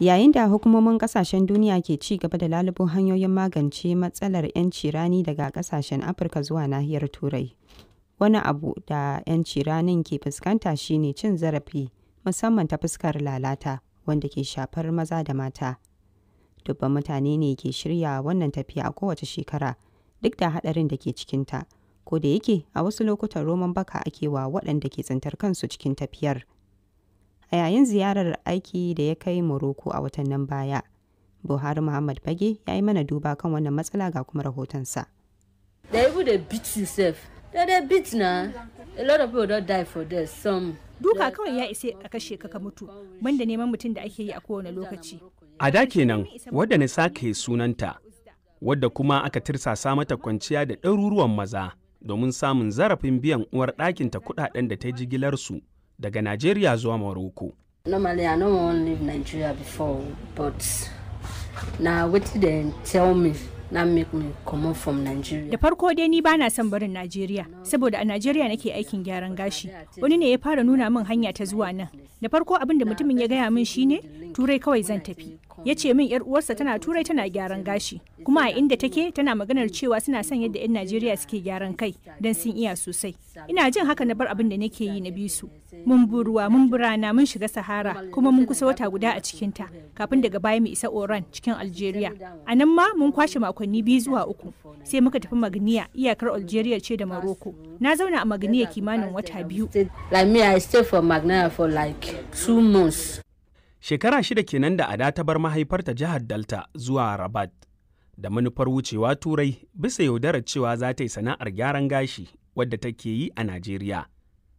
yayin da hukumomin kasashen duniya ke ci gaba da lalubo hanyoyin magance matsalar 'yanci rani daga kasashen afirka zuwa nahiyar turai wani abu da 'yanci ranin ke fuskanta shine cin zarafi musamman ta fuskar lalata wanda ke shafar maza da mata dubban mutane ne ke shirya wannan tafiya a kowace shekara duk da hadarin da ke cikinta ko da yake a wasu lokutan roman baka ake wa waɗanda ke tsintar kansu cikin tafiyar A yayin ziyarar aiki da ya kai Morocco a nan baya, Buhari Muhammad bage ya yi mana duba kan wannan matsala ga kuma rahotonsa. Duka kawai ya isa a kashe ka mutu, banda neman mutum da ake yi a kowane lokaci. A da kenan, wadda na sake sunanta, wadda kuma aka tirsasa mata kwanciya da ɗaruruwan maza domin samun zarafin biyan uwar ɗakinta kuɗaɗen da ta jigilarsu. daga Najeriya zuwa Morocco. Normally I no wan live Nigeria before but na wetin dem tell me na make me comot from Nigeria. Da farko dai ni bana son barin Najeriya saboda a Najeriya nake aikin gyaran gashi. Wani ne ya fara nuna min hanya ta zuwa nan. Da farko abin da mutumin ya gaya min shine turai kawai zan tafi. ya ce min yar uwarsa tana turai tana gyaran gashi kuma a inda take tana maganar cewa suna son yadda 'yan najeriya suke gyaran kai don sun iya sosai ina jin haka na bar abin da nake yi na bi su mun buruwa mun burana mun shiga sahara kuma mun kusa wata guda a cikin ta kafin daga baya mu isa oran cikin algeria a nan ma mun kwashe makonni biyu zuwa uku sai muka tafi magniya iyakar algeria ce da maroko na zauna a magniya kimanin wata biyu like me i stay Shekara shida kenan da Ada ta bar mahaifarta jihar Delta zuwa Rabat da manufar wucewa Turai bisa yaudarar cewa za ta yi sana'ar gyaran gashi wadda take yi a Najeriya.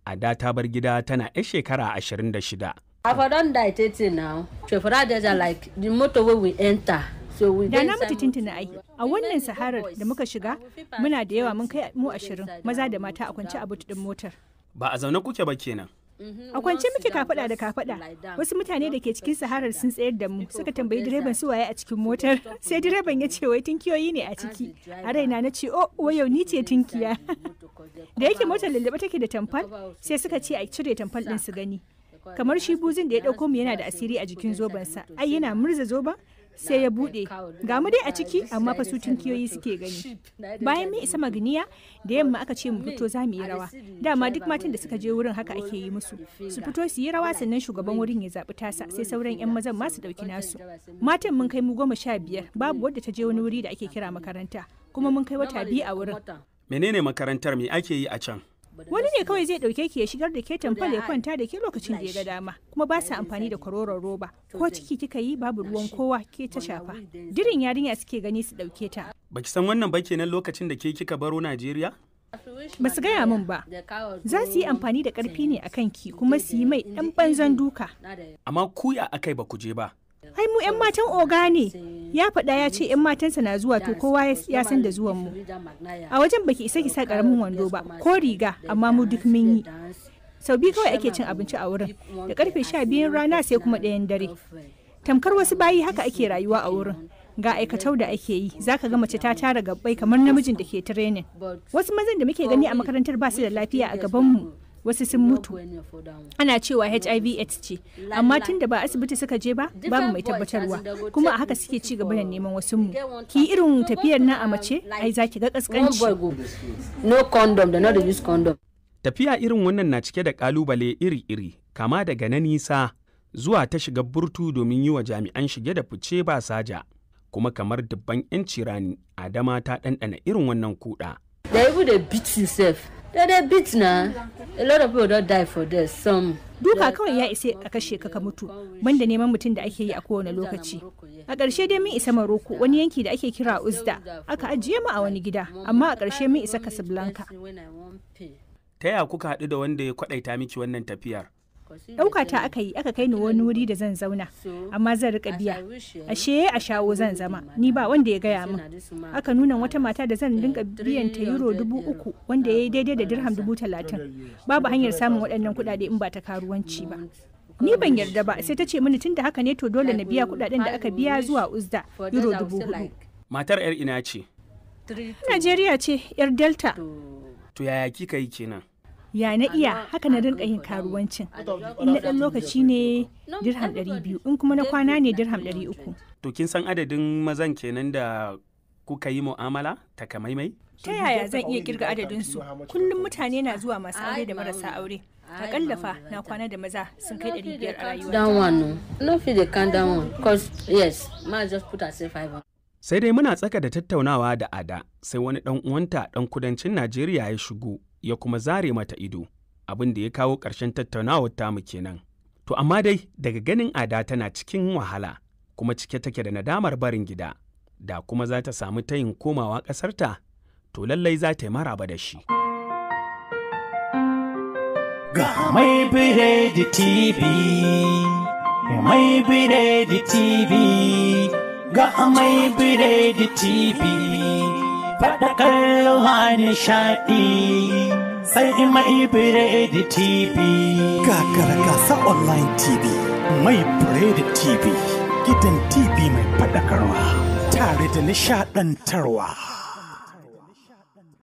Ada ta bar gida tana 'ya shekara 26. da na mutu tuntuna ai a wannan saharar da muka shiga muna da yawa mun kai mu ashirin maza da mata a kwance a bututun motar ba a zaune kuke ba kenan Mm-hmm. a kwance muke kafada da kafada wasu mutane da ke cikin saharar sun tsayar da mu suka tambayi direban su waye a cikin motar sai direban ya ce wai tinkiyoyi ne a ciki a raina na ce oh wayau ni ce tinkiya da yake motar lalaba take da tamfal sai suka ce a cire tamfal din su gani kamar shi buzin da ya dauko mu yana da asiri a jikin zobansa ai yana murza zoben sai ya bude ga mu dai a ciki amma fa su tunkiyoyi suke gani bayan mun isa magniya da yamma aka ce mu fito za mu yi rawa dama duk matan da suka je wurin haka ake yi musu su fito su yi rawa sannan shugaban wurin ya zaɓi tasa sai sauran yan mazan ma su ɗauki nasu matan mun kai mu goma sha biyar babu wadda ta je wani wuri da ake kira makaranta kuma mun kai wata biyu a wurin menene makarantar me ake yi a can wani ne kawai zai ɗauke ki ya shigar da ke fal ya kwanta da ke lokacin da ya ga dama kuma ba sa amfani da kwaroron roba ko ciki kika yi babu ruwan kowa ke ta shafa dirin yarinya suke gani su ɗauke ta baki san wannan ba kenan lokacin da ke kika baro najeriya ba su gaya min ba za su yi amfani da karfi ne a kanki kuma su yi mai ɗan banzan duka amma kuya akai ba ku je ba ai mu 'yan matan oga ne ya faɗa ya ce 'yan matansa na zuwa to kowa ya san da zuwan mu a wajen baki isa ki sa karamin wando ba ko riga amma mu duk mun yi sau biyu kawai ake cin abinci a wurin da karfe sha biyun rana sai kuma ɗayan dare tamkar wasu bayi haka ake rayuwa a wurin ga aikatau da ake yi zaka ga mace ta tara gabbai kamar namijin da ke tirenin wasu mazan da muke gani a makarantar ba su da lafiya a gabanmu wasu sun mutu ana cewa hiv ce amma tun da ba asibiti suka je ba babu mai tabbatarwa kuma a haka suke ci gaba da neman wasu mu ki irin tafiyar nan a mace ai zaki ga kaskanci tafiya irin wannan na cike da kalubale iri-iri kama daga na nisa zuwa ta shiga burtu domin yi wa jami'an shige da fice ba saja kuma kamar dubban 'yanci rani adama ta ɗanɗana irin wannan kuɗa. da yi da beat da bit na a lot of people don die for this some duka kawai ya isa a kashe ka mutu banda neman mutum da ake yi a kowane lokaci a ƙarshe dai mun isa maroko wani yanki da ake kira uzda aka ajiye mu a wani gida amma a ƙarshe mun isa casablanca ta yaya kuka haɗu da wanda ya kwaɗaita miki wannan tafiyar ɗauka ta aka yi aka kai ni wani wuri da zan zauna amma zan rika biya ashe a shawo zan zama ni ba wanda ya gaya min aka nuna wata mata da zan dinka biyan ta euro dubu uku wanda ya yi ah, daidai da dirham dubu talatin babu hanyar samun waɗannan kuɗaɗe in ba ta karuwanci ba ni ban yarda ba sai ta ce mini tun da haka ne to dole na biya kuɗaɗen da aka biya zuwa uzda euro dubu hudu matar yar ina ce najeriya ce yar delta to yaya kika yi kenan ya na iya haka na rinka yin karuwancin in na dan lokaci ne dirham 200 in kuma na kwana ne dirham 300 to kin san adadin mazan kenan da kuka yi mu'amala takamaimai ta yaya zan iya kirga adadin su kullum mutane na zuwa masu aure da marasa aure akalla fa na kwana da maza sun kai 500 a rayuwa no fi the can down one yes ma just put as 500 sai dai muna tsaka da tattaunawa da ada sai wani dan uwanta dan kudancin najeriya ya shigo ya kuma zare mata ido abin da ya kawo ƙarshen tattaunawar mu kenan to amma dai daga ganin ada tana cikin wahala kuma cike take da nadamar barin gida da kuma za ta samu tayin komawa ƙasarta to lallai za ta yi maraba da shi ga mai biredi tv mai biredi tv ga mai biredi tv nishaɗi sai mai da tv kakara gasa online tv mai biredi tv gidan tv mai faɗakarwa tare da nishaɗantarwa